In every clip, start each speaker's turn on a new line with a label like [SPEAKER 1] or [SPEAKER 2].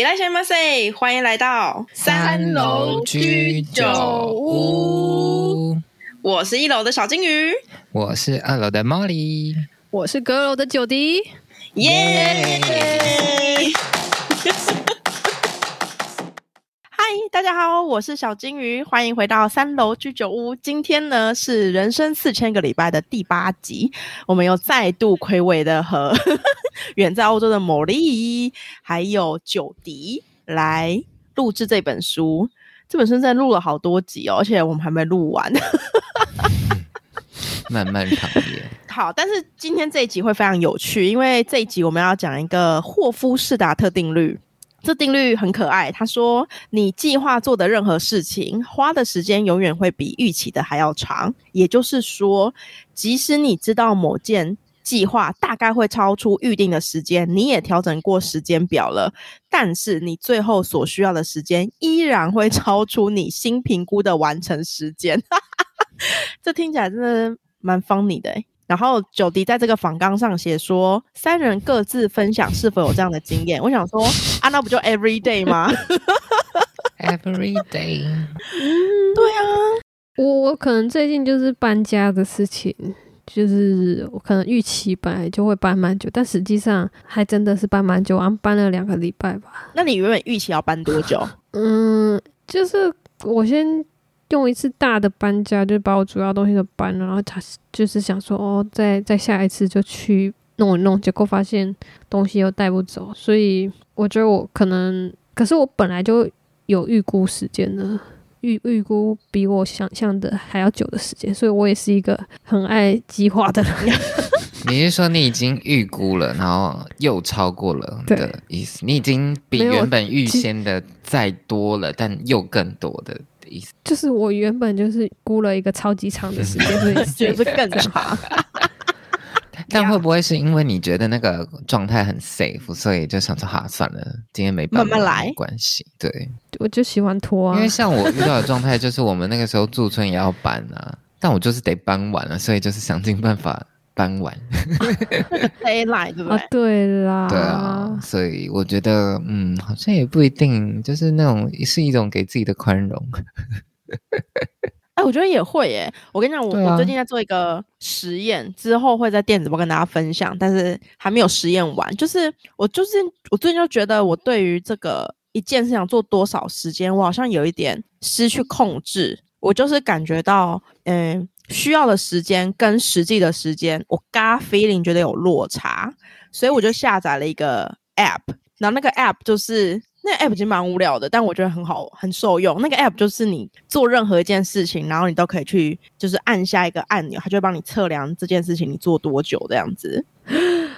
[SPEAKER 1] いらっしゃいませ！歡迎來到三樓居酒屋。我是一樓的小金魚，
[SPEAKER 2] 我是二樓的 Mori，
[SPEAKER 1] 我是閣樓的久迪，耶！Yeah! 大家好，我是小金魚，歡迎回到三樓居酒屋。今天呢，是人生四千個禮拜的第八集，我們又再度睽違的和遠 在歐洲的 Mori 還有久迪來錄製這本書。這本書在錄了好多集哦，而且我們還沒錄完
[SPEAKER 2] 慢慢，漫漫長夜。
[SPEAKER 1] 好，但是今天這一集會非常有趣，因為這一集我們要講一個霍夫士達特定律。這定律很可愛。他說：“你計劃做的任何事情，花的時間永遠會比預期的還要長。也就是說，即使你知道某件計劃大概會超出預定的時間，你也調整過時間表了，但是你最後所需要的時間依然會超出你新評估的完成時間。 ”這聽起來真的蠻 funny 的、欸。然後久迪在這個訪綱上寫說，三人各自分享是否有這樣的經驗。我想說，啊，那不就 every day 嗎
[SPEAKER 2] ？Every day。
[SPEAKER 1] 嗯，對啊，我我可能最近就是
[SPEAKER 3] 搬家的事情，就是我可能預期本來就會搬蠻久，但實際上還真的是搬蠻久啊，搬了兩個禮拜吧。
[SPEAKER 1] 那你原本預期要搬多久？嗯，
[SPEAKER 3] 就是我先。用一次大的搬家，就把我主要東西都搬了，然後他就是想說，哦，再再下一次就去弄一弄，結果發現東西又帶不走，所以我覺得我可能，可是我本來就有預估時間的，預預估比我想象的還要久的時間，所以我也是一個很愛計劃的人。
[SPEAKER 2] 你是說你已經預估了，然後又超過了的意思？你已經比原本預先的再多了，但又更多的意思？
[SPEAKER 3] 就是我原本就是估了一個超級長的時間，所以覺得更長。
[SPEAKER 2] 但會不會是因為你覺得那個狀態很 safe，所以就想着哈算了，今天沒辦法，慢慢來，沒關係。對，
[SPEAKER 3] 我就喜歡拖。因為像我遇到的
[SPEAKER 2] 狀態，就是我們那個時候駐村也要搬啊，但我就是得搬完了，所以就是想盡辦法。翻完，
[SPEAKER 3] 黑來、 啊那個、對吧、啊、對
[SPEAKER 1] 啦，對
[SPEAKER 2] 啊，所以我覺得，嗯，好像也不一定，就是那種是一種給自己的寬容。
[SPEAKER 1] 哎、 欸，我覺得也會耶、欸。我跟你講，我、啊、我最近在做一個實驗，之後會在電子報跟大家分享，但是還沒有實驗完。就是我就是我最近就覺得，我對於這個一件事情做多少時間，我好像有一點失去控制，我就是感覺到，嗯、欸。需要的時間跟實際的時間，我嘎 feeling 覺得有落差，所以我就下載了一個 app。那那個 app 就是，那個、app 其實蠻無聊的，但我覺得很好，很受用。那個 app 就是你做任何一件事情，然後你都可以去，就是按下一個按鈕，它就會幫你測量這件事情你做多久這樣子，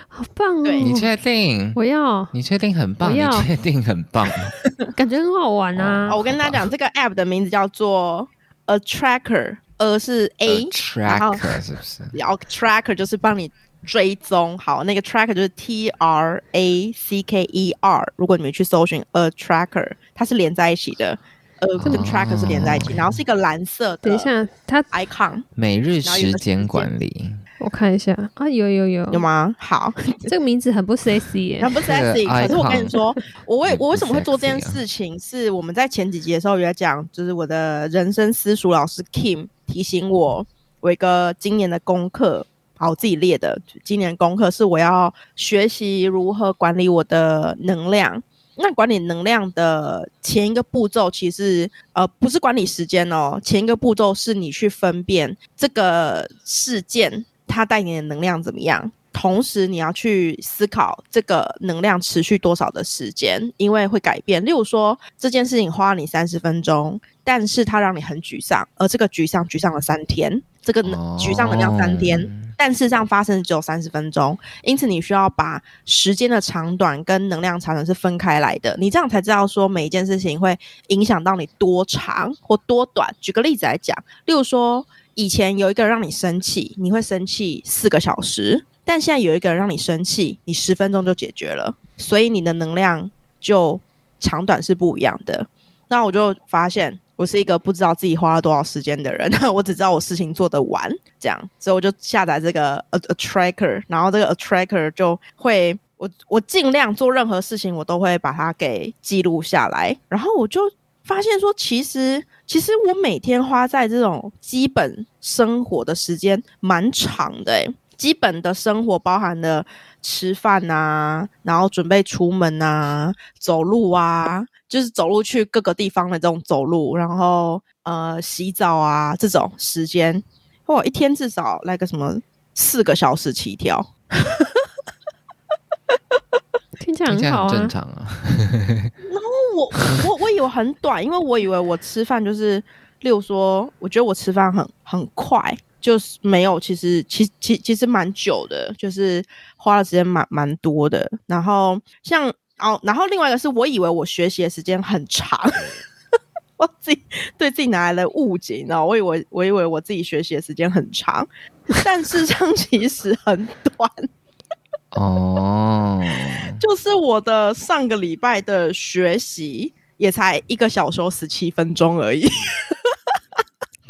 [SPEAKER 1] 好棒哦、喔！對
[SPEAKER 2] 你確定？我要。你確定？很棒。我要你確定？很棒。
[SPEAKER 1] 感覺很好玩啊！好好我跟大家講，棒這個 app 的名字叫做 A Tracker。呃，是 a tracker 是不是？然後 tracker 就是幫你追蹤，好，那個 tracker 就是 t r a c k e r。如果你們去搜尋 a tracker，它是連在一起的，呃，這個 tracker 是連在一起，然後是一個藍色。等一下，它 icon
[SPEAKER 2] 每日時間管理，
[SPEAKER 3] 我看一下啊，有有有有嗎？好，這個名字很不 sexy，很不 sexy。可是我跟你說，
[SPEAKER 1] 我為我為什麼會做這件事情，是我們在前幾集的時候有在講，就是我的人生私塾老師 Kim。提醒我，我一個今年的功課，好，我自己列的。今年的功課是我要學習如何管理我的能量。那管理能量的前一個步驟，其實呃不是管理時間哦。前一個步驟是你去分辨這個事件它帶你的能量怎麼樣。同時，你要去思考這個能量持續多少的時間，因為會改變。例如說，這件事情花了你三十分鐘，但是它讓你很沮喪，而這個沮喪沮喪了三天，這個沮喪能量三天，但事實上發生只有三十分鐘。因此，你需要把時間的長短跟能量長短是分開來的，你這樣才知道說每一件事情會影響到你多長或多短。舉個例子來講，例如說，以前有一個人讓你生氣，你會生氣四個小時。但現在有一個人讓你生氣，你十分鐘就解決了，所以你的能量就長短是不一樣的。那我就發現我是一個不知道自己花了多少時間的人，我只知道我事情做得完，這樣，所以我就下載這個 a, a tracker，然後這個 a tracker 就會，我我盡量做任何事情，我都會把它給記錄下來。然後我就發現說，其實其實我每天花在這種基本生活的時間蠻長的，欸，誒。基本的生活包含了吃飯啊，然後準備出門啊，走路啊，就是走路去各個地方的這種走路，然後呃洗澡啊這種時間，哇，一天至少來個什麼四個小時起跳， 聽起來很好啊。正常啊 然後我我我以為很短，因為我以為我吃飯就是，例如說，我覺得我吃飯很很快。就是沒有，其實，其實，其其實蠻久的，就是花的時間蠻蠻多的。然後像，哦，然後另外一個是我以為我學習的時間很長， 我自己對自己哪來的誤解，你我以為我以為我自己學習的時間很長，但實際上其實很短。
[SPEAKER 2] 哦，
[SPEAKER 1] 就是我的上個禮拜的學習也才一個小時十七分
[SPEAKER 2] 鐘而已。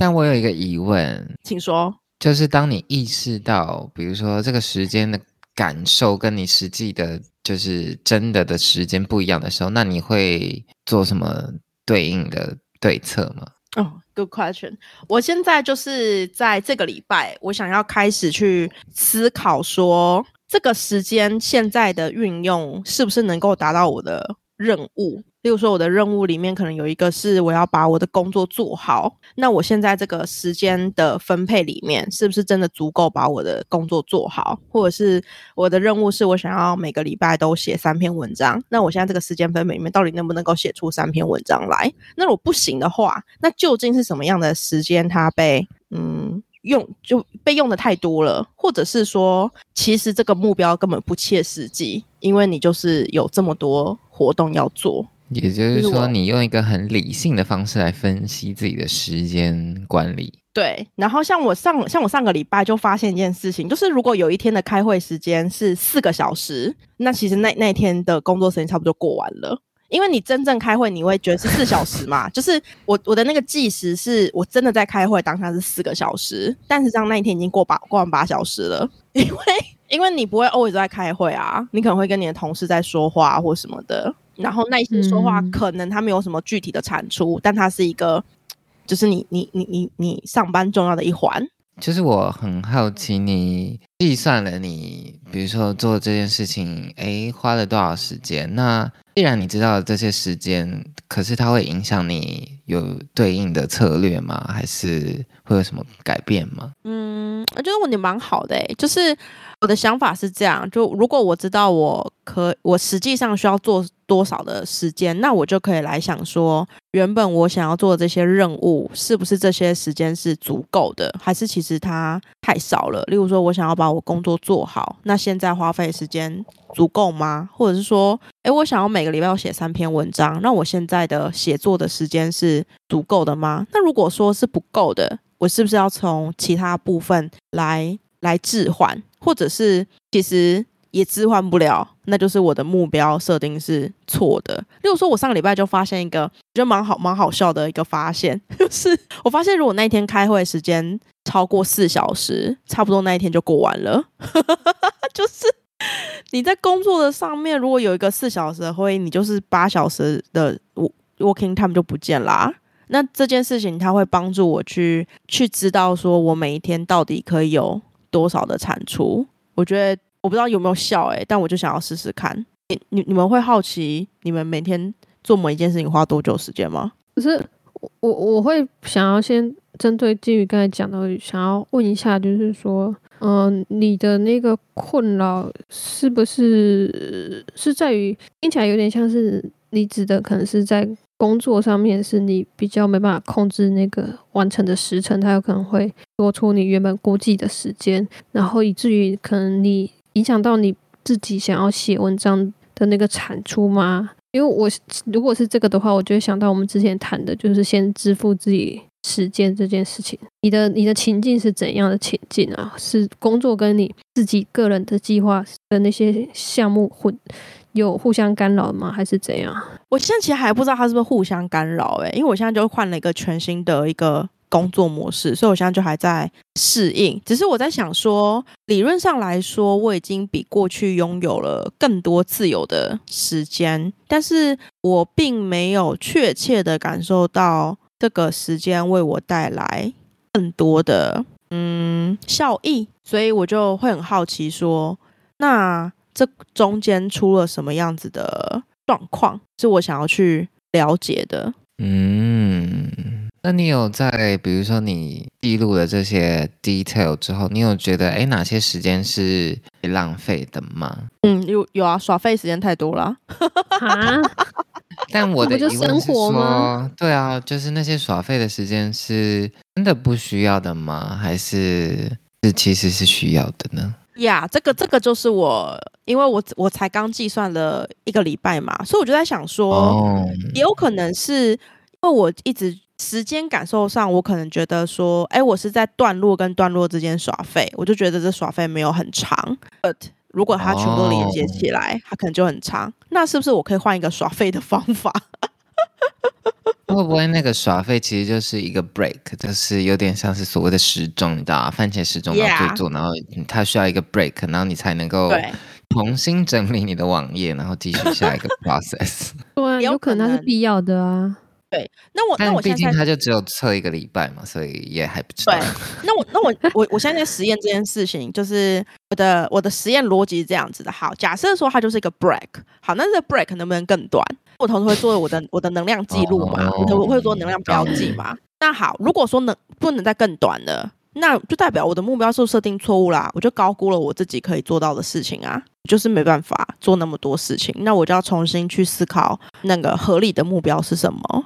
[SPEAKER 2] 但我有一個疑問，請說，就是當你意識到，比如說這個時間的感受跟你實際的，就是真的的時間不一樣的時候，那你會做什麼對應的對策嗎？
[SPEAKER 1] 哦，oh, good question。我現在就是在這個禮拜，我想要開始去思考說，這個時間現在的運用是不是能夠達到我的任務。例如說，我的任務裡面可能有一個是我要把我的工作做好。那我現在這個時間的分配裡面，是不是真的足夠把我的工作做好？或者是我的任務是我想要每個禮拜都寫三篇文章。那我現在這個時間分配裡面，到底能不能夠寫出三篇文章來？那我不行的話，那究竟是什麼樣的時間它被嗯用就被用得太多了？或者是說，其實這個目標根本不切實際，因為你就是有這麼多活動要做。
[SPEAKER 2] 也就是說，你用一個很理性的方式來分析自己的時間管理。
[SPEAKER 1] 對，然後像我上，像我上個禮拜就發現一件事情，就是如果有一天的開會時間是四個小時，那其實那那天的工作時間差不多過完了。因為你真正開會，你會覺得是四小時嘛？ 就是我我的那個計時是，是我真的在開會當下是四個小時，但實際上那一天已經過八過完八小時了。因為因為你不會 always 在開會啊，你可能會跟你的同事在說話或什麼的，然後那一些說話，可能他沒有什麼具體的產出，嗯、但它是一個就是你你你你你上班重要的一環。
[SPEAKER 2] 就是我很好奇，你計算了你比如說做這件事情，誒、欸，花了多少時間？那既然你知道這些時間，可是它會影響你。有對應的策略嗎？還是會有什麼改變嗎？嗯，就
[SPEAKER 1] 是、我覺得問你蠻好的、欸，就是我的想法是這樣，就如果我知道我可我實際上需要做多少的時間，那我就可以來想說，原本我想要做的這些任務，是不是這些時間是足夠的？還是其實它太少了？例如說，我想要把我工作做好，那現在花費時間足夠嗎？或者是說，哎、欸，我想要每個禮拜要寫三篇文章，那我現在的寫作的時間是？足夠的嗎？那如果說是不夠的，我是不是要從其他部分來來置換，或者是其實也置換不了？那就是我的目標設定是錯的。例如說，我上個禮拜就發現一個，我覺得蠻好蠻好笑的一個發現，就是我發現如果那一天開會時間超過四小時，差不多那一天就過完了。 就是你在工作的上面，如果有一個四小時的會議，你就是八小時的我。Working time 就不見啦、啊。那這件事情，它會幫助我去去知道，說我每一天到底可以有多少的產出。我覺得我不知道有沒有效誒、欸，但我就想要試試看。你你你們會好奇，你們每天做某一件事情花多久時間嗎？
[SPEAKER 3] 是，我我會想要先針對金魚剛才講的，想要問一下，就是說，嗯、呃，你的那個困擾是不是是在於，聽起來有點像是你指的，可能是在。工作上面是你比較沒辦法控制那個完成的時程，它有可能會多出你原本估計的時間，然後以至於可能你影響到你自己想要寫文章的那個產出嗎？因為我如果是這個的話，我就會想到我們之前談的就是先支付自己時間這件事情。你的你的情境是怎樣的情境啊？是工作跟你自己個人的計劃的那些項目混？有互相干擾嗎？還是怎樣？
[SPEAKER 1] 我現在其實還不知道它是不是互相干擾，欸，哎，因為我現在就換了一個全新的一個工作模式，所以我現在就還在適應。只是我在想說，理論上來說，我已經比過去擁有了更多自由的時間，但是我並沒有確切的感受到這個時間為我帶來更多的嗯效益，所以我就會很好奇說，那。這中間出了什麼樣子的狀況，是我想要去了解的。
[SPEAKER 2] 嗯，那你有在，比如說你記錄了這些 detail 之後，你有覺得哎，哪些時間是浪費的嗎？
[SPEAKER 1] 嗯，有有啊，耍廢時間太多了。哈哈哈哈哈。 但我的疑問是說，嗎，
[SPEAKER 2] 對啊，就是那些耍廢的時間是真的不需要的嗎？還是是其實是需要的呢？
[SPEAKER 1] 呀，yeah, 這個這個就是我，因為我我才剛計算了一個禮拜嘛，所以我就在想說，也有可能是因為我一直時間感受上，我可能覺得說，哎、欸，我是在段落跟段落之間耍廢，我就覺得這耍廢沒有很長，but 如果它全部連接起來，它可能就很長。那是不是我可以換一個耍廢的方法？
[SPEAKER 2] 會不會那個耍廢其實就是一個 break，就是有點像是所謂的時鐘你知道啊、番茄時鐘的製作，然後，Yeah. 然後它需要一個 break，然後你才能夠重新整理你的網頁，然後繼續下一個 process。 對、
[SPEAKER 3] 啊，有可能是必要的
[SPEAKER 1] 啊。對，那我那我畢竟它就
[SPEAKER 2] 只有測一個禮拜嘛，所以也還不知道。對，
[SPEAKER 1] 那我那我那我 我，我，我現在現在實驗這件事情，就是我的我的實驗邏輯是這樣子的。好，假設說它就是一個 break，好，那這個 break 能不能更短？我同時會做我的我的能量記錄嘛，oh, oh, oh, 我會做能量標記嘛。嗯、那好，如果說能不能再更短的，那就代表我的目標是設定錯誤啦，我就高估了我自己可以做到的事情啊，就是沒辦法做那麼多事情。那我就要重新去思考那個合理的目標是什麼，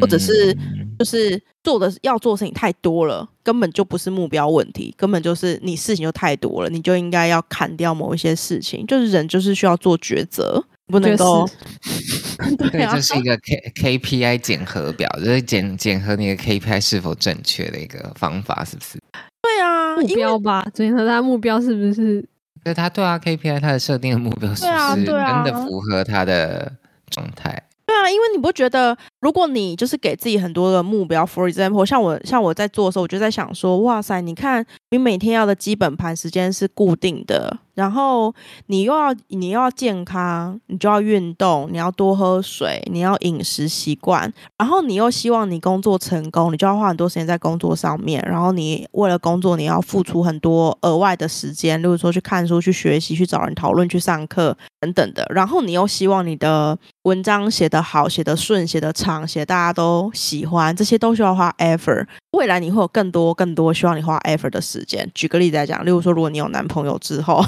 [SPEAKER 1] 或者是就是做的要做的事情太多了，根本就不是目標問題，根本就是你事情就太多了，你就應該要砍掉某一些事情，就是人就是需要做抉擇。不
[SPEAKER 2] 能夠、就是， 對，這、就是一個 K K P I 檢核表，就是檢檢核你的 K P I 是否正確的一個方法，是不是？
[SPEAKER 1] 對啊，目標吧，最後為他目標是不是？
[SPEAKER 2] 那他對啊，K P I 它的設定的目標是不是真的符合他的狀態？
[SPEAKER 1] 對啊，對，啊對啊，因為你不覺得，如果你就是給自己很多的目標，For example，像我像我在做的時候，我就在想說，哇塞，你看你每天要的基本盤時間是固定的。然後你又要你又要健康，你就要運動，你要多喝水，你要飲食習慣。然後你又希望你工作成功，你就要花很多時間在工作上面。然後你為了工作，你要付出很多額外的時間，例如說去看書、去學習、去找人討論、去上課等等的。然後你又希望你的文章寫得好、寫得順、寫得長、寫得大家都喜歡，這些都需要花 effort。未來你會有更多更多希望你花 effort 的時間。舉個例子來講，例如說如果你有男朋友之後。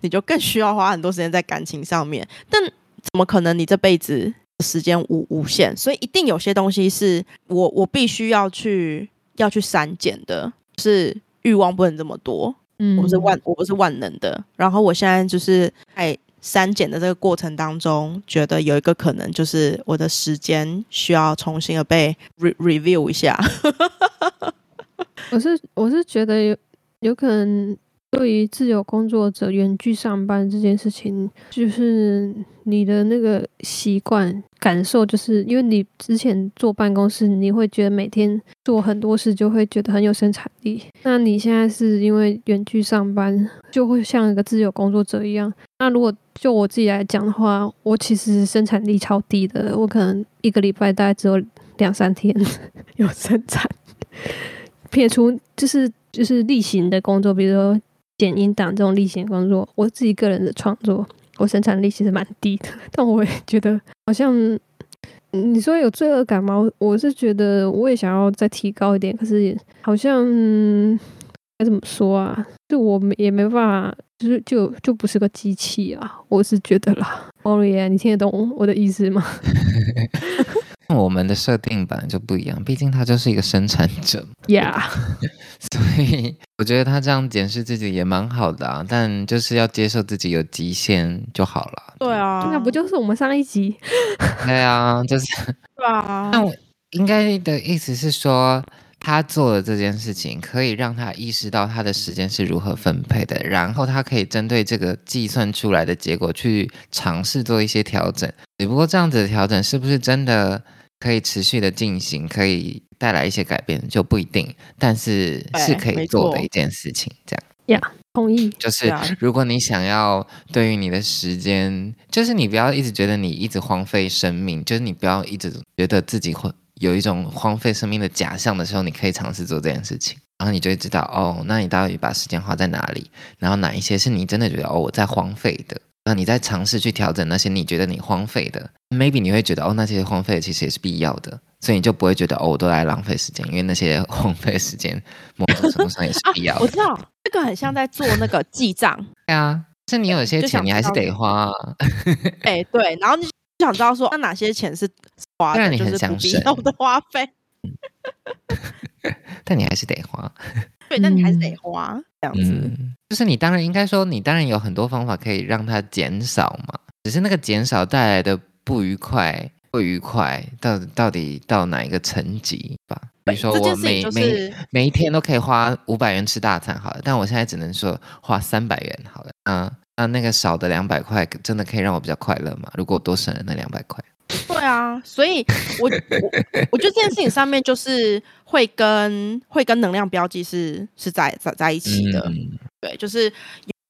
[SPEAKER 1] 你就更需要花很多時間在感情上面，但怎麼可能？你這輩子時間無無限，所以一定有些東西是我我必須要去要去刪減的，就是欲望不能這麼多。嗯，我不是萬我不是萬能的。然後我現在就是在刪減的這個過程當中，覺得有一個可能就是我的時間需要重新的被 re-review 一下。 我是我是覺得有
[SPEAKER 3] 有可能。對於自由工作者遠距上班這件事情，就是你的那個習慣感受，就是因為你之前坐辦公室，你會覺得每天做很多事就會覺得很有生產力。那你現在是因為遠距上班，就會像一個自由工作者一樣。那如果就我自己來講的話，我其實生產力超低的，我可能一個禮拜大概只有兩三天有生產。撇除就是就是例行的工作，比如說。剪音檔這種例行工作，我自己個人的創作，我生產力其實蠻低的，但我也覺得好像你說有罪惡感嗎？我是覺得我也想要再提高一點，可是好像該怎麼說啊？就我們也沒辦法，就是就就不是個機器啊，我是覺得啦。哦耶，你聽得懂我的意思嗎？
[SPEAKER 2] 我們的設定本來就不一樣，畢竟他就是一個生產者，Yeah， 所以我覺得他這樣檢視自己也蠻好的啊，但就是要接受自己有極限就好了。
[SPEAKER 3] 對啊，對啊，那不就是我們上一集？
[SPEAKER 2] 對啊，就
[SPEAKER 3] 是。對那、啊、
[SPEAKER 2] 我應該的意思是說，他做的這件事情，可以讓他意識到他的時間是如何分配的，然後他可以針對這個計算出來的結果去嘗試做一些調整。只不過這樣子的調整是不是真的？可以持續的進行，可以帶來一些改變，就不一定，但是是可以做的一件事情。哎、這樣，
[SPEAKER 3] 對呀，yeah, 同意。就是
[SPEAKER 2] 如果你想要對於你的時間，Yeah. 就是你不要一直覺得你一直荒廢生命，就是你不要一直覺得自己會有一種荒廢生命的假象的時候，你可以嘗試做這件事情，然後你就會知道哦，那你到底把時間花在哪裡，然後哪一些是你真的覺得哦，我在荒廢的。那、啊、你在嘗試去調整那些你覺得你荒廢的，maybe 你會覺得哦，那些荒廢其實也是必要的，所以你就不會覺得哦，我都在浪費時間，因為那些荒廢時間某種程度上也是必要的。
[SPEAKER 1] 的、 啊。我知道這個很像在做那個記賬。嗯、
[SPEAKER 2] 對啊，但你有一些錢，你還是得花、
[SPEAKER 1] 啊。哎、 欸，對，然後你就想知道說，那哪些錢是花的，你很想省就是不必要的花費？
[SPEAKER 2] 但你還是得花。
[SPEAKER 1] 對，但你還是得花。嗯
[SPEAKER 2] 嗯，就是你當然應該說，你當然有很多方法可以讓它減少嘛。只是那個減少帶來的不愉快，不愉快到底到底到哪一個層級吧？欸、比如說我每每每一天都可以花五百元吃大餐好了，但我現在只能說花三百元好了。啊，那、啊、那個少的兩百塊，真的可以讓我比較快樂嗎？如果多省了那兩百塊，
[SPEAKER 1] 對啊，所以我 我我覺得這件事情上面就是。會跟會跟能量標記是是在在在一起的，嗯、對，就是有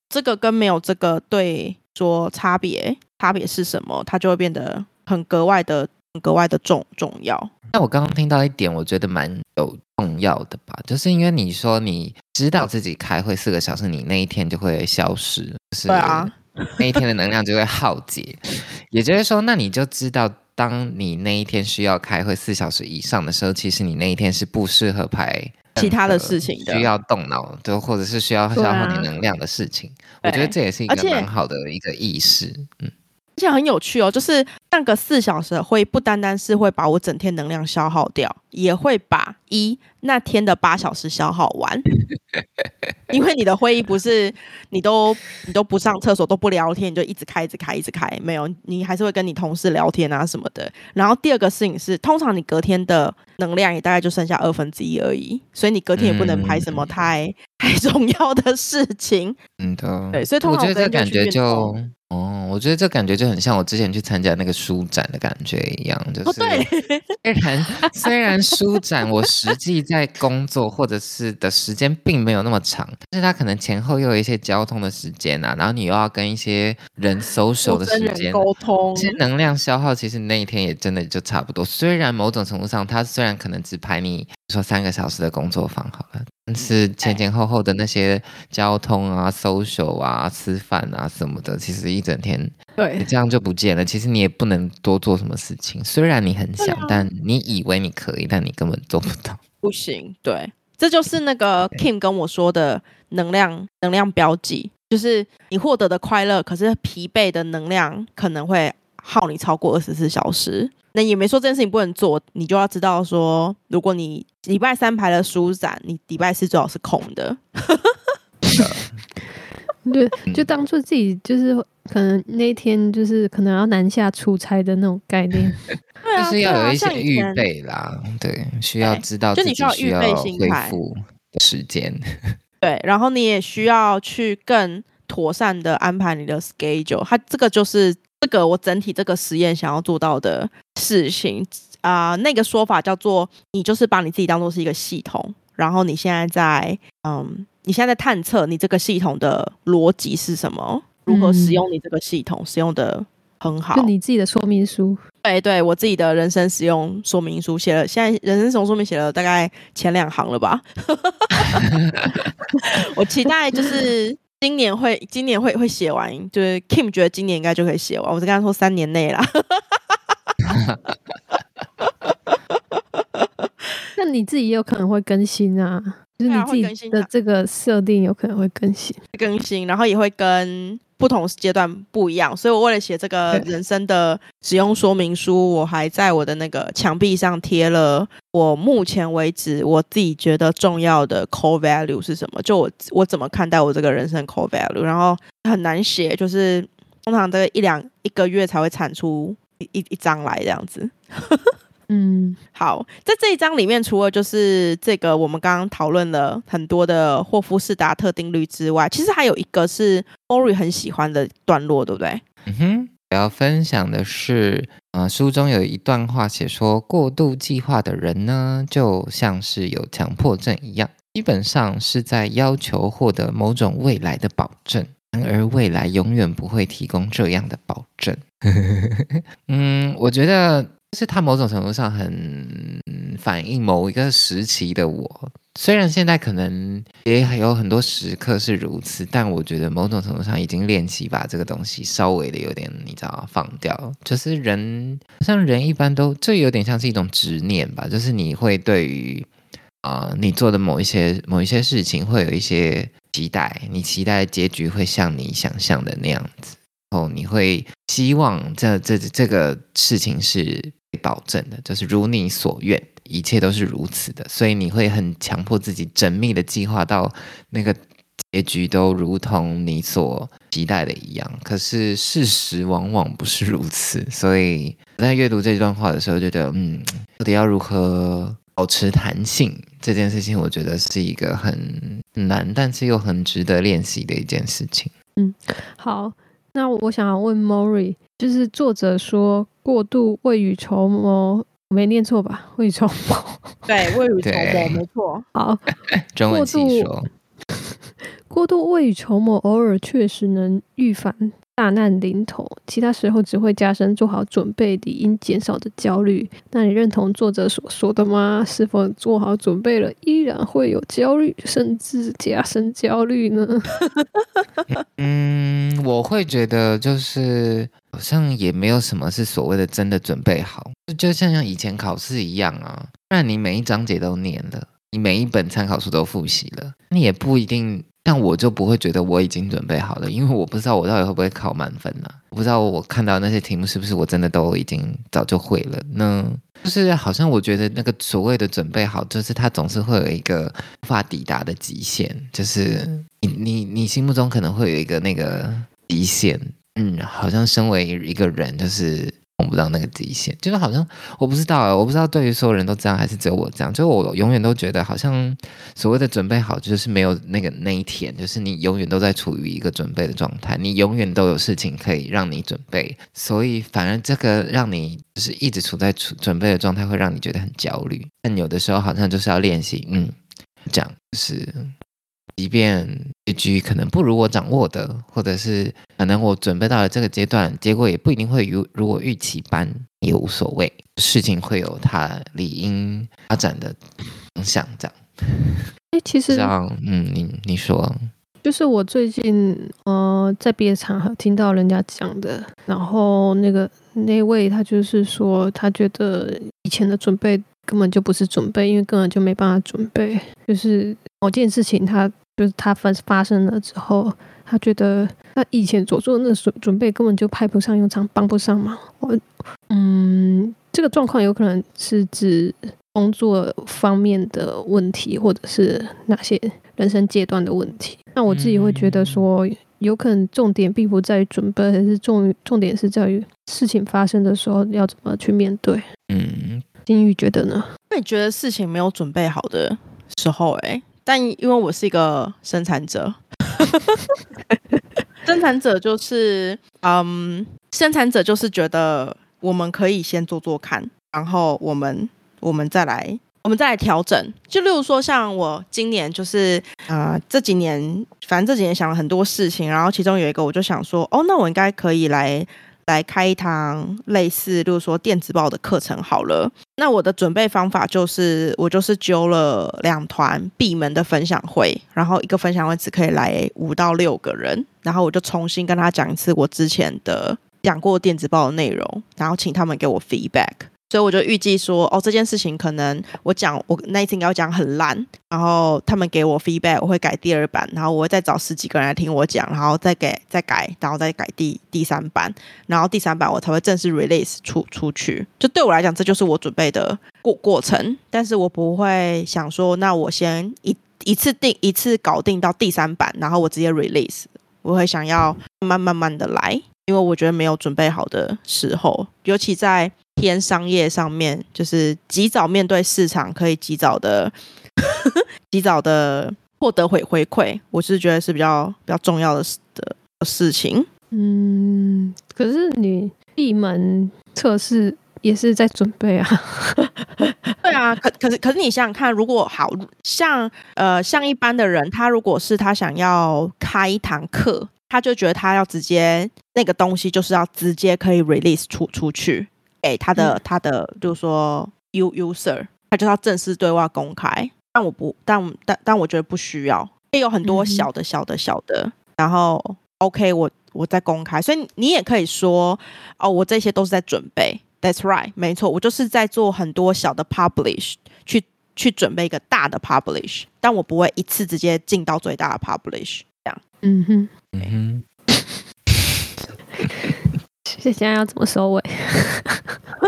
[SPEAKER 1] 這個跟沒有這個對說差別差別是什麼，它就會變得很格外的很格外的重重要。
[SPEAKER 2] 但我剛剛聽到一點，我覺得蠻有重要的吧，就是因為你說你知道自己開會四個小時，你那一天就會消失，是對啊。 那一天的能量就會耗竭， 也就是說，那你就知道，當你那一天需要開會四小時以上的時候，其實你那一天是不適合排其他的事情的，需要動腦，就或者是需要消耗你能量的事情。對我覺得這也是一個很好的一個意識，
[SPEAKER 1] 嗯。而且很有趣哦，就是上、那個四小時會不單單是會把我整天能量消耗掉，也會把一那天的八小時消耗完。 因為你的會議不是你都你都不上廁所都不聊天，你就一直開一直開一直開，沒有，你還是會跟你同事聊天啊什麼的。然後第二個事情是，通常你隔天的能量也大概就剩下二分之一而已，所以你隔天也不能排什麼太、嗯、太重要的事情。
[SPEAKER 2] 嗯的對，所以通常我覺得這感覺就哦，我覺得這感覺就很像我之前去參加那個書展的感覺一樣，就是哦對 雖，雖然雖然書展 我實際在工作或者是的時間並沒有那麼長。但是他可能前後又有一些交通的時間吶、啊，然後你又要跟一些人 social 的時間、啊，溝通，其實能量消耗其實那一天也真的就差不多。雖然某種程度上，他雖然可能只排你說三個小時的工作坊好了，但是前前後後的那些交通啊、social 啊、吃飯啊什麼的，其實一整天，對，這樣就不見了。其實你也不能多做什麼事情，雖然你很想，啊、但你以為你可以，但你根本做不到，不行，對。
[SPEAKER 1] 這就是那個 Kim 跟我說的能量，能量標記，就是你獲得的快樂，可是疲憊的能量可能會耗你超過二十四小時。那也沒說這件事情不能做，你就要知道說，如果你禮拜三排了書展，你禮拜四最好是空的。
[SPEAKER 3] 對，就當做自己就是可能那天就是可能要南下出差的那種概念，
[SPEAKER 2] 就是要有一些預備啦，對，需要知道自己需要恢復時間。
[SPEAKER 1] 對，然後你也需要去更妥善的安排你的 schedule。它這個就是這個我整體這個實驗想要做到的事情啊、呃。那個說法叫做你就是把你自己當做是一個系統。然後你現在在，嗯，你現在在探測你這個系統的邏輯是什麼？嗯，如何使用你這個系統使用的很好？就
[SPEAKER 3] 你自己的說明書？
[SPEAKER 1] 對對，我自己的人生使用說明書寫了，現在人生使用說明寫了大概前兩行了吧？ 我期待就是今年會，今年會會寫完。就是 Kim 覺得今年應該就可以寫完，我是跟他說三年內啦。
[SPEAKER 3] 那你自己也有可能會更新啊，就是你自己的這個設定有可能會更新,、啊會更,
[SPEAKER 1] 新啊、更新，然後也會跟不同階段不一樣。所以我為了寫這個人生的使用說明書，對我還在我的那個牆壁上貼了我目前為止我自己覺得重要的 core value 是什麼，就我我怎麼看待我這個人生 core value，然後很難寫，就是通常這一兩一個月才會產出一一張來這樣子。 嗯，好，在這一章裡面，除了就是這個我們剛剛討論了很多的霍夫士達特定律之外，其實還有一個是 Mori 很喜歡的段落，對不對？
[SPEAKER 2] 嗯哼，我要分享的是，呃、啊，書中有一段話寫說，過度計劃的人呢，就像是有強迫症一樣，基本上是在要求獲得某種未來的保證，然而未來永遠不會提供這樣的保證。 嗯，我覺得。是它某種程度上很反映某一個時期的我，雖然現在可能也有很多時刻是如此，但我覺得某種程度上已經練習把這個東西稍微的有點你知道放掉。就是人像人一般都，這有點像是一種執念吧。就是你會對於啊、呃、你做的某一些某一些事情會有一些期待，你期待結局會像你想象的那樣子，然後你會希望這這這個事情是。保證的就是如你所願，一切都是如此的，所以你會很強迫自己，縝密的計劃到那個結局都如同你所期待的一樣。可是事實往往不是如此，所以在閱讀這段話的時候，覺得嗯，到底要如何保持彈性這件事情，我覺得是一個很難，但是又很值得練習的一件事情。
[SPEAKER 3] 嗯，好，那我想要問 Mori。就是作者說過度未雨綢繆，沒念錯吧？未雨綢繆，對，
[SPEAKER 1] 未
[SPEAKER 2] 雨
[SPEAKER 3] 綢繆， 對沒錯。好， 過度說，過度未雨綢繆，偶爾確實能預防，大難臨頭，其他時候只會加深做好準備理應減少的焦慮。那你認同作者所說的嗎？是否做好準備了，依然會有焦慮，甚至加深焦慮呢？
[SPEAKER 2] 嗯，我會覺得就是好像也沒有什麼是所謂的真的準備好，就像像以前考試一樣啊，那你每一章節都念了，你每一本參考書都複習了，你也不一定。但我就不會覺得我已經準備好了，因為我不知道我到底會不會考滿分啊，我不知道我看到的那些題目是不是我真的都已經早就會了。那，就是好像我覺得那個所謂的準備好，就是它總是會有一個無法抵達的極限。就是你你你心目中可能會有一個那個極限，嗯，好像身為一個人，就是。碰不到那個底線，就是好像我不知道啊、欸，我不知道對於所有人都這樣還是只有我這樣，就我永遠都覺得好像所謂的準備好就是沒有那個那一天，就是你永遠都在處於一個準備的狀態，你永遠都有事情可以讓你準備，所以反而這個讓你就是一直處在準準備的狀態，會讓你覺得很焦慮。但有的時候好像就是要練習，嗯，這樣是。即便結局可能不如我掌握的，或者是可能我準備到了這個階段，結果也不一定會如如我預期般，也無所謂，事情會有它理應發展的方向。這樣，
[SPEAKER 3] 哎、欸，其實這樣，
[SPEAKER 2] 嗯，你你說，
[SPEAKER 3] 就是我最近呃在別的場合聽到人家講的，然後那個那位他就是說，他覺得以前的準備根本就不是準備，因為根本就沒辦法準備，就是某件事情他。就是他發發生了之後，他覺得那以前所做的那準準備根本就派不上用場，幫不上忙。我，嗯，這個狀況有可能是指工作方面的問題，或者是哪些人生階段的問題。那我自己會覺得說，有可能重點並不在於準備，而是重重點是在於事情發生的時候要怎麼去面對。嗯，金魚覺得呢？
[SPEAKER 1] 那你覺得事情沒有準備好的時候、欸，哎。但因為我是一個生產者， 生產者就是，嗯，生產者就是覺得我們可以先做做看，然後我們我們再來，我們再來調整。就例如說，像我今年就是，呃，這幾年，反正這幾年想了很多事情，然後其中有一個，我就想說，哦，那我應該可以來。來開一堂類似，就是說電子報的課程好了。那我的準備方法就是，我就是揪了兩團閉門的分享會，然後一個分享會只可以來五到六個人，然後我就重新跟他講一次我之前的講過電子報的內容，然後請他們給我 feedback。所以我就預計說，哦，這件事情可能我講我那一次給要講很爛，然後他們給我 feedback，我會改第二版，然後我會再找十幾個人來聽我講，然後再給再改，然後再改第第三版，然後第三版我才會正式 release 出出去。就對我來講，這就是我準備的過過程。但是我不會想說，那我先一一次定一次搞定到第三版，然後我直接 release，我會想要慢慢慢慢的來，因為我覺得沒有準備好的時候，尤其在。偏商業上面，就是及早面對市場，可以及早的、 及早的獲得回回饋，我是覺得是比較比較重要的事的,的事情。
[SPEAKER 3] 嗯，可是你閉門測試也是在準備啊？
[SPEAKER 1] 對啊，可可是可是你想想看，如果好像呃像一般的人，他如果是他想要開一堂課，他就覺得他要直接那個東西就是要直接可以 release 出出去。給他的、嗯、他的就是說，U user，他就要正式對外公開。但我不，但但但我覺得不需要，也有很多小的小的小的，小的。然後，OK，我我在公開，所以你也可以說，哦，我這些都是在準備。That's right，沒錯，我就是在做很多小的 publish 去去準備一個大的 publish，但我不會一次直接進到最大的 publish。這樣，嗯哼，Okay. 嗯哼，現在要怎麼收尾？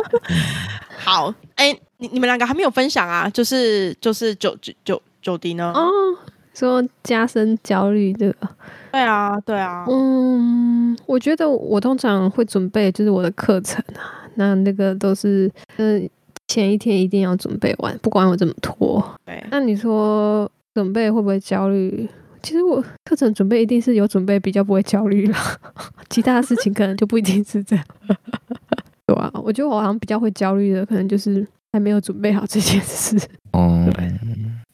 [SPEAKER 1] 好，哎、欸，你你們兩個還沒有分享啊？就是就是久久久迪呢？哦
[SPEAKER 3] ，oh, 說加深焦慮，對
[SPEAKER 1] 對啊，對啊。
[SPEAKER 3] 嗯，我覺得我通常會準備，就是我的課程啊，那那個都是嗯、呃、前一天一定要準備完，不管我怎麼拖。對，那你說準備會不會焦慮？其實我課程準備一定是有準備，比較不會焦慮了。 其他的事情可能就不一定是這樣。 對啊，我覺得我好像比較會焦慮的，可能就是還沒有準備好這件事。
[SPEAKER 2] 哦，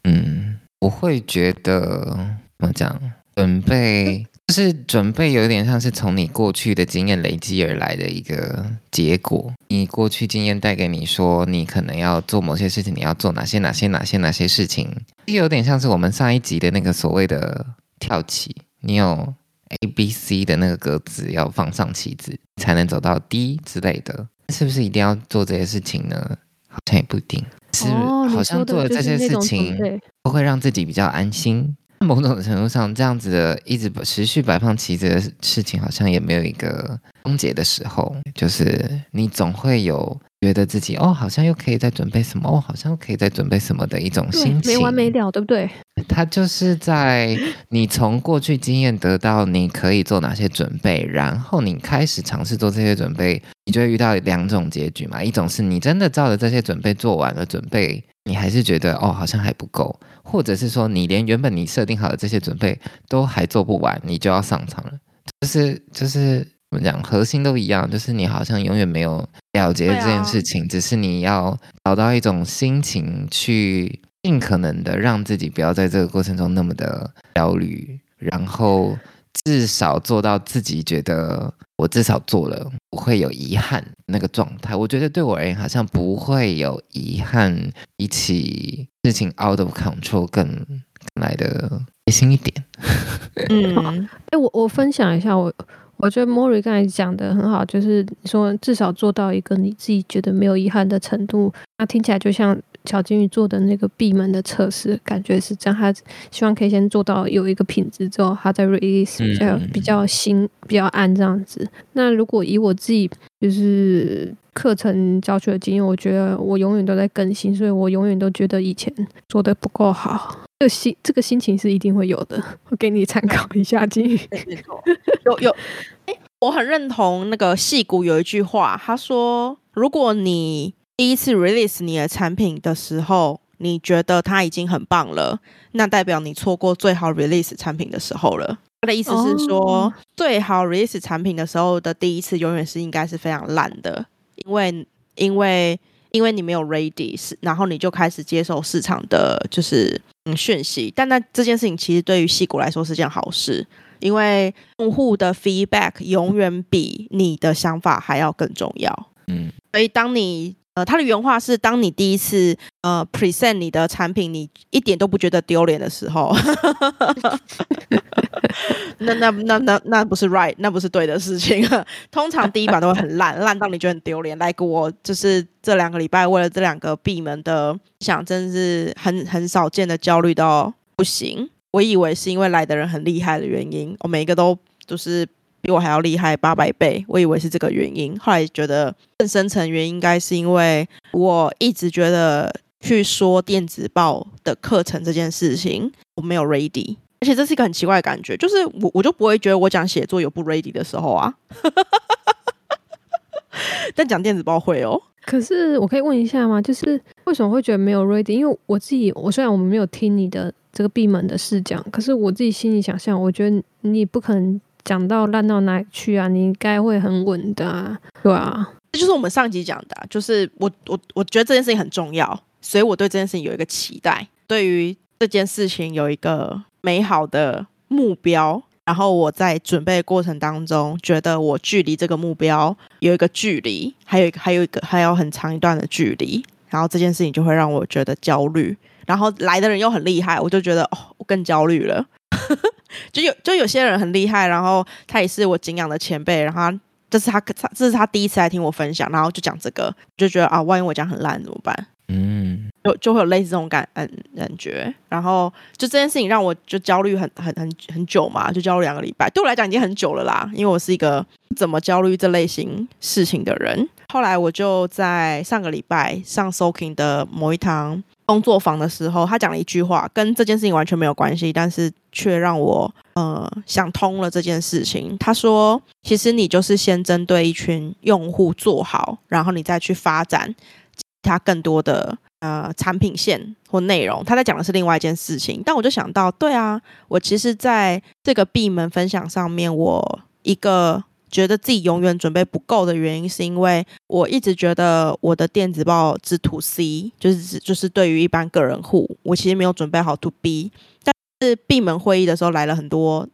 [SPEAKER 2] 嗯，我會覺得怎麼講，準備就是準備，有點像是從你過去的經驗累積而來的一個結果。你過去經驗帶給你說，你可能要做某些事情，你要做哪些、哪些、哪些、哪些事情，就有點像是我們上一集的那個所謂的跳棋。你有？A、B、C 的那個格子要放上棋子才能走到 D 之類的，是不是一定要做這些事情呢？好像也不一定，是、哦、好像做的這些事情統統都會讓自己比較安心。某種程度上，這樣子的一直持續擺放棋子的事情，好像也沒有一個終結的時候，就是你總會有。覺得自己哦，好像又可以再準備什麼？哦，好像又可以再準備什麼的一種心情，沒完
[SPEAKER 3] 沒了，對不對？
[SPEAKER 2] 他就是在你從過去經驗得到你可以做哪些準備，然後你開始嘗試做這些準備，你就會遇到兩種結局嘛。一種是你真的照着這些準備做完了準備，你還是覺得哦，好像還不夠；或者是說，你連原本你設定好的這些準備都還做不完，你就要上場了。就是就是。我們講，核心都一樣，就是你好像永遠沒有了結這件事情，啊、只是你要找到一種心情，去盡可能的讓自己不要在這個過程中那麼的焦慮，然後至少做到自己覺得我至少做了，不會有遺憾那個狀態。我覺得對我而言，好像不會有遺憾，比起事情 out of control 更來的開心一點。 嗯，哎、
[SPEAKER 3] 欸，我我分享一下我。我覺得 Mori 剛才講的很好，就是你說至少做到一個你自己覺得沒有遺憾的程度，那聽起來就像。小金魚做的那個閉門的測試，感覺是這樣。他希望可以先做到有一個品質之後，他再 release 比較比較新、嗯嗯嗯嗯比較暗這樣子。那如果以我自己就是課程教學的經驗，我覺得我永遠都在更新，所以我永遠都覺得以前做的不夠好。好，這個心這個心情是一定會有的。我給你參
[SPEAKER 1] 考一下，嗯、金魚沒錯、有有。哎、欸，我很認同那個戲骨有一句話，他說：“如果你。”第一次 release 你的產品的時候，你覺得它已經很棒了，那代表你錯過最好 release 產品的時候了。他的意思是說，哦、最好 release 產品的時候的第一次，永遠是應該是非常爛的，因為因為因為你沒有 ready，然後你就開始接受市場的就是、嗯、訊息。但那這件事情其實對於矽谷來說是件好事，因為用戶的 feedback 永遠比你的想法還要更重要。嗯，所以當你呃，他的原話是：當你第一次呃 present 你的產品，你一點都不覺得丟臉的時候， 那那那那那不是 right，那不是對的事情。 通常第一版都會很爛，爛 到你覺得很丟臉。Like 我就是這兩個禮拜為了這兩個閉門的，想真是很很少見的焦慮到不行。我以為是因為來的人很厲害的原因，我每一個都都就是。比我還要厲害八百倍，我以為是這個原因，後來覺得更深層原因應該是因為我一直覺得去說電子報的課程這件事情我沒有 ready，而且這是一個很奇怪的感覺，就是我我就不會覺得我講寫作有不 ready 的時候啊， 但講電子報會哦。
[SPEAKER 3] 可是我可以問一下嗎？就是為什麼會覺得沒有 ready？因為我自己，我雖然我們沒有聽你的這個閉門的試講，可是我自己心裡想象，我覺得你不可能。講到爛到哪裡去啊？你應該會很穩的啊，對啊。
[SPEAKER 1] 這就是我們上集講的，就是我我我覺得這件事情很重要，所以我對這件事情有一個期待，對於這件事情有一個美好的目標。然後我在準備的過程當中，覺得我距離這個目標有一個距離，還有一個還有一個還有很長一段的距離。然後這件事情就會讓我覺得焦慮，然後來的人又很厲害，我就覺得哦，我更焦慮了。 就有就有些人很厲害，然後他也是我敬仰的前輩，然後他、就是他，他這是他第一次來聽我分享，然後就講這個，就覺得啊，萬一我講很爛怎麼辦？嗯。就就會有類似這種感嗯感覺，然後就這件事情讓我就焦慮很很很很久嘛，就焦慮兩個禮拜，對我來講已經很久了啦，因為我是一個不怎麼焦慮這類型事情的人。後來我就在上個禮拜上 Soking 的某一堂工作坊的時候，他講了一句話，跟這件事情完全沒有關係，但是卻讓我嗯、呃、想通了這件事情。他說：“其實你就是先針對一群用戶做好，然後你再去發展其他更多的。”呃，產品線或內容，他在講的是另外一件事情，但我就想到，對啊，我其實在這個閉門分享上面，我一個覺得自己永遠準備不夠的原因，是因為我一直覺得我的電子報只 to C，就是就是對於一般個人戶，我其實沒有準備好 to B。但是閉門會議的時候來了很多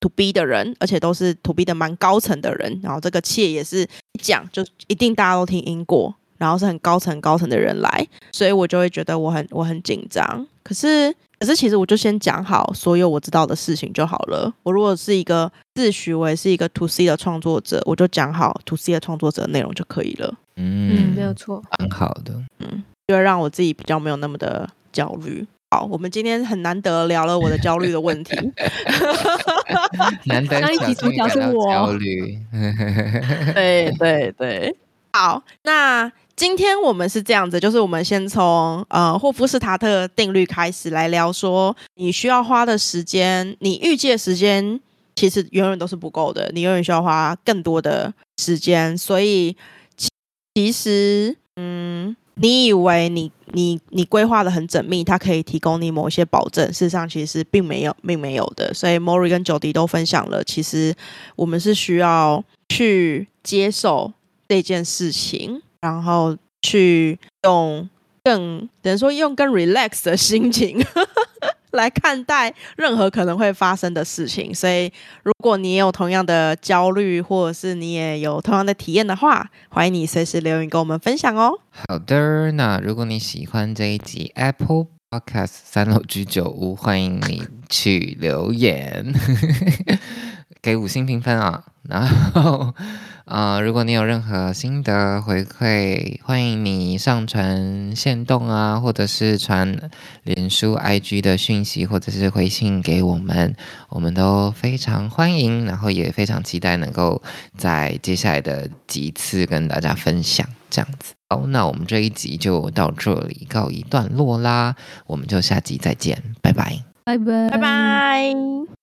[SPEAKER 1] to B 的人，而且都是 to B 的蠻高層的人。然後這個切也是一講就一定大家都聽因過。然後是很高層高層的人來，所以我就會覺得我很我很緊張。可是可是其實我就先講好所有我知道的事情就好了。我如果是一個自詡我是一個 To C 的創作者，我就講好 To C 的創作者的內容就可以了。
[SPEAKER 3] 嗯，嗯，沒有錯，
[SPEAKER 1] 很好的。嗯，就會讓我自己比較沒有那麼的焦慮。好，我們今天很難得聊了我的焦慮的問題。
[SPEAKER 2] 難得，這一集主角是我。焦慮。 焦慮
[SPEAKER 1] 對對對，好，那。今天我們是這樣子，就是我們先從呃霍夫斯塔特定律開始來聊說，說你需要花的時間，你預計的時間其實永遠都是不夠的，你永遠需要花更多的時間。所以其實，嗯，你以為你你你規劃的很縝密，它可以提供你某一些保證，事實上其實並沒有，並沒有的。所以 Mori 跟久迪都分享了，其實我們是需要去接受這件事情。然後去用更，等於說用更 relax 的心情，呵呵，來看待任何可能會發生的事情。所以，如果你也有同樣的焦慮，或者是你也有同樣的體驗的話，歡迎你隨時留言跟我們分享哦。
[SPEAKER 2] 好的，那如果你喜歡這一集 Apple Podcast，三樓居酒屋，歡迎你去留言 給五星評分啊，然後。啊、呃，如果你有任何心得回饋，歡迎你上傳限動啊，或者是傳臉書、IG 的訊息，或者是回信給我們，我們都非常歡迎，然後也非常期待能夠在接下來的幾次跟大家分享這樣子。好，那我們這一集就到這裡告一段落啦，我們就下集再見，拜拜，
[SPEAKER 1] 拜拜，拜拜。